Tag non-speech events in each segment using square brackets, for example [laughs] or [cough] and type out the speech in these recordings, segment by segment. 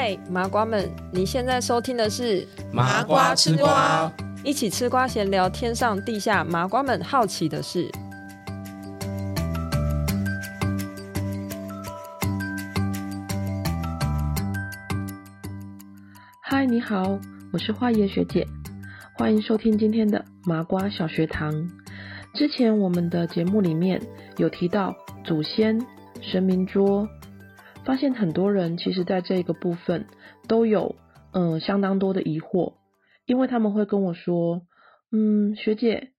嗨，Hi, 麻瓜們！你現在收聽的是《麻瓜吃瓜》，一起吃瓜閒聊天上地下麻瓜們好奇的事。嗨，你好，我是花椰學姐，歡迎收聽今天的《麻瓜小學堂》。之前我們的節目裡面有提到祖先神明桌。發現很多人其實，在這個部分都有嗯、呃、相當多的疑惑，因為他們會跟我說，嗯，學姐，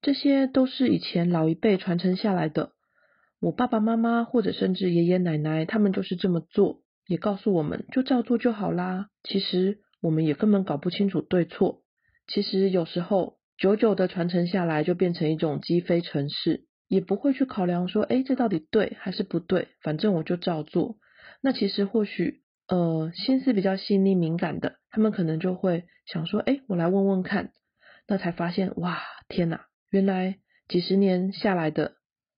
這些都是以前老一輩傳承下來的，我爸爸媽媽或者甚至爺爺奶奶他們就是這麼做，也告訴我們就照做就好啦。其實我們也根本搞不清楚對錯。其實有時候，久久的傳承下來就變成一種積非成是，也不會去考量說，誒，這到底對還是不對？反正我就照做。那其實或許，呃，心思比較細膩敏感的，他們可能就會想說，誒，我來問問看，那才發現，哇，天哪，原來幾十年下來的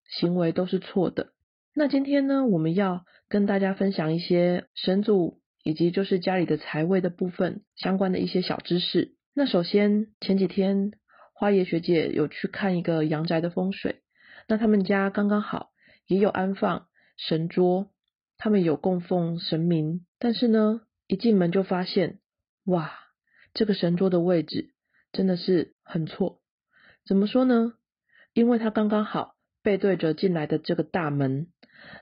行為都是錯的。那今天呢，我們要跟大家分享一些神主，以及就是家裡的財位的部分相關的一些小知識。那首先前幾天花爺學姐有去看一個陽宅的風水，那他們家剛剛好也有安放神桌。他們有供奉神明，但是呢，一進門就發現，哇，這個神桌的位置真的是很錯。怎麼說呢？因為它剛剛好背對着進來的這個大門，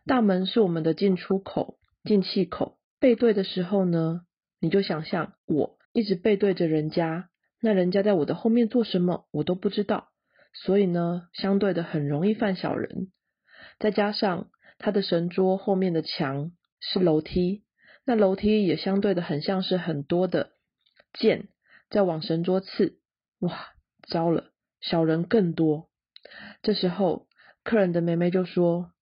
大門是我們的進出口、進氣口。背對的時候呢，你就想象我一直背對着人家，那人家在我的後面做什麼，我都不知道。所以呢，相對的很容易犯小人，再加上。他的神桌後面的牆是樓梯，那樓梯也相對的很像是很多的劍在往神桌刺。哇，糟了，小人更多。這時候，客人的妹妹就說：“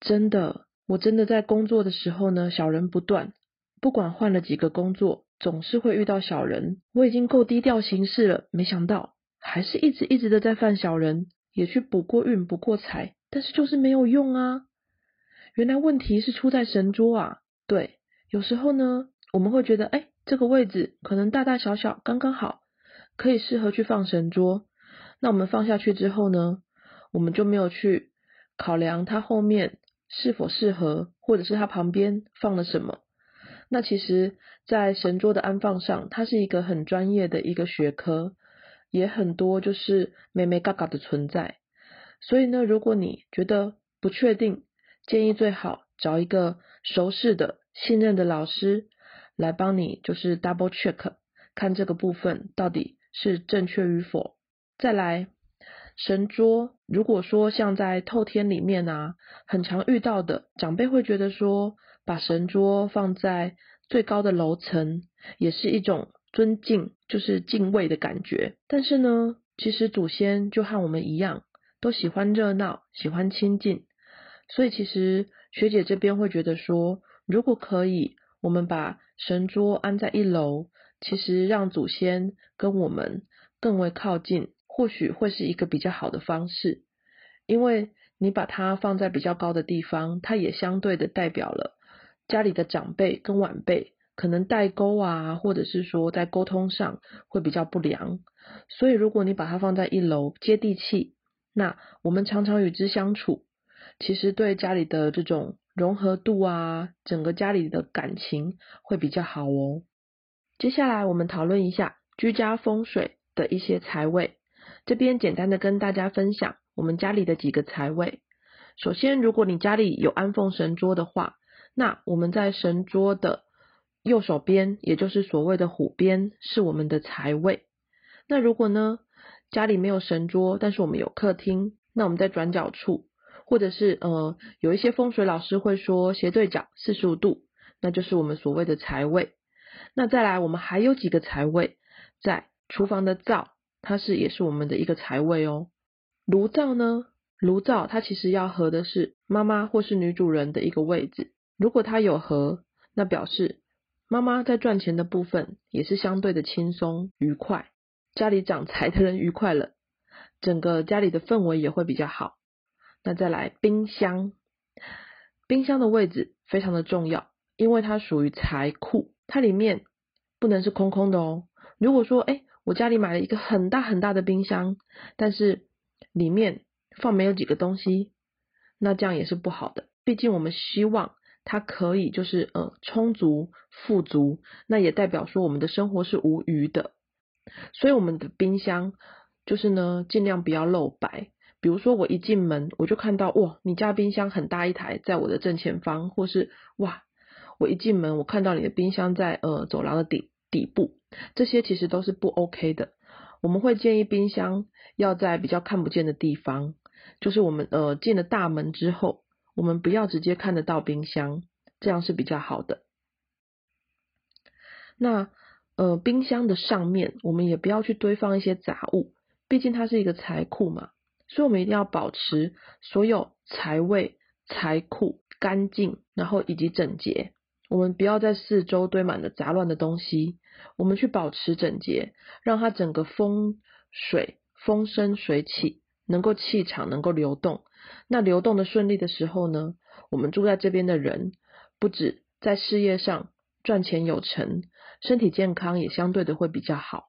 真的，我真的在工作的時候呢，小人不斷，不管換了幾個工作，總是會遇到小人。我已經夠低調行事了，沒想到還是一直一直的在犯小人，也去補過運，補過財，但是就是沒有用啊。”原來問題是出在神桌啊，對，有時候呢，我們會覺得，哎，這個位置可能大大小小剛剛好，可以適合去放神桌。那我們放下去之後呢，我們就沒有去考量它後面是否適合，或者是它旁邊放了什麼。那其實，在神桌的安放上，它是一個很專業的一個學科，也很多就是眉眉角角的存在。所以呢，如果你覺得不確定，建議最好找一個熟識的、信任的老師來幫你，就是 double check，看這個部分到底是正確與否。再來，神桌，如果說像在透天裡面啊，很常遇到的，長輩會覺得說，把神桌放在最高的樓層，也是一種尊敬，就是敬畏的感覺。但是呢，其實祖先就和我們一樣，都喜歡熱鬧，喜歡親近。所以其實學姐這邊會覺得說，如果可以，我們把神桌安在一樓，其實讓祖先跟我們更為靠近，或許會是一個比較好的方式。因為你把它放在比較高的地方，它也相對的代表了家裡的長輩跟晚輩可能代溝啊，或者是說在溝通上會比較不良。所以如果你把它放在一樓，接地氣，那我們常常與之相處。其實對家裡的這種融合度啊，整個家裡的感情會比較好哦。接下來我們討論一下居家風水的一些財位，這邊簡單的跟大家分享我們家裡的幾個財位。首先，如果你家裡有安奉神桌的話，那我們在神桌的右手邊，也就是所謂的虎邊，是我們的財位。那如果呢，家裡沒有神桌，但是我們有客廳，那我們在轉角處。或者是呃，有一些風水老師會說斜對角四十五度，那就是我們所謂的財位。那再來，我們還有幾個財位，在廚房的灶，它是也是我們的一個財位哦。爐灶呢，爐灶它其實要合的是媽媽或是女主人的一個位置。如果它有合，那表示媽媽在賺錢的部分也是相對的輕鬆愉快，家裡掌財的人愉快了，整個家裡的氛圍也會比較好。那再來冰箱，冰箱的位置非常的重要，因為它屬於財庫，它裡面不能是空空的哦。如果說，誒，我家裡買了一個很大很大的冰箱，但是裡面放沒有幾個東西，那這樣也是不好的。畢竟我們希望它可以就是，呃，充足富足，那也代表說我們的生活是無余的。所以我們的冰箱就是呢，盡量不要露白。比如說我一進門我就看到哇，你家冰箱很大一台，在我的正前方，或是哇，我一進門我看到你的冰箱在呃走廊的底底部，這些其實都是不 OK 的。我們會建議冰箱要在比較看不見的地方，就是我們呃進了大門之後，我們不要直接看得到冰箱，這樣是比較好的。那呃冰箱的上面我們也不要去堆放一些雜物，畢竟它是一個財庫嘛。所以我們一定要保持所有財位、財庫乾淨，然後以及整潔。我們不要在四周堆滿的雜亂的東西。我們去保持整潔，讓它整個風水風生水起，能夠氣場能夠流動。那流動的順利的時候呢，我們住在這邊的人，不止在事業上賺錢有成，身體健康也相對的會比較好。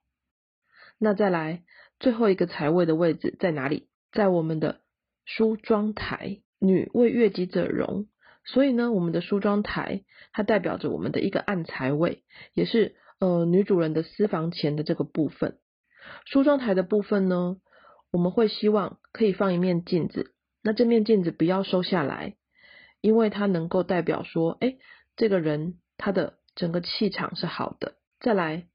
那再來最後一個財位的位置在哪裡？在我們的梳妝台，女為悅己者容，所以呢，我們的梳妝台它代表着我們的一個暗財位，也是呃女主人的私房錢的這個部分。梳妝台的部分呢，我們會希望可以放一面鏡子，那這面鏡子不要收下來，因為它能夠代表說，誒這個人他的整個氣場是好的。再來，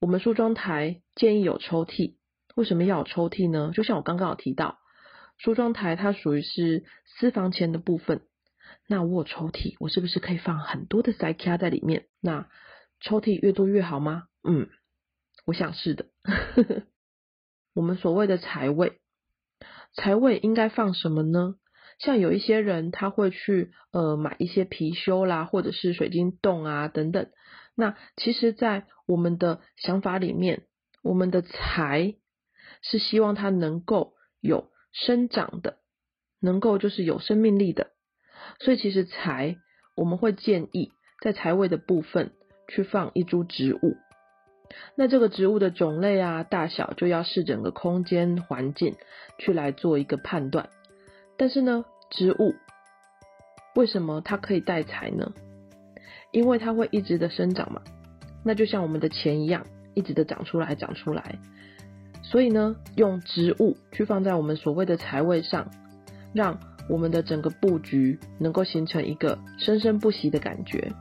我們梳妝台建議有抽屜。為什麼要有抽屜呢？就像我剛剛有提到，梳妝台它屬於是私房錢的部分。那我有抽屜，我是不是可以放很多的塞卡在裡面？那抽屜越多越好嗎？嗯，我想是的。 [laughs] 我們所謂的財位，財位應該放什麼呢？像有一些人他會去呃買一些貔貅啦，或者是水晶洞啊等等。那其實，在我們的想法裡面，我們的財。是希望它能夠有生長的，能夠就是有生命力的，所以其實財我們會建議在財位的部分去放一株植物，那這個植物的種類啊、大小就要視整個空間環境去來做一個判斷。但是呢，植物為什麼它可以帶財呢？因為它會一直的生長嘛，那就像我們的錢一樣，一直的長出來、長出來。所以呢，用植物去放在我們所謂的財位上，讓我們的整個布局能夠形成一個生生不息的感覺。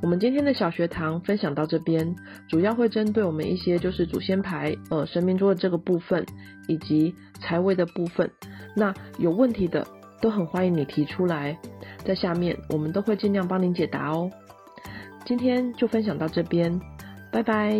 我們今天的小學堂分享到這邊，主要會針對我們一些就是祖先牌、呃，神明桌的這個部分，以及財位的部分。那有問題的都很歡迎你提出來，在下面我們都會盡量幫您解答哦。今天就分享到這邊，拜拜。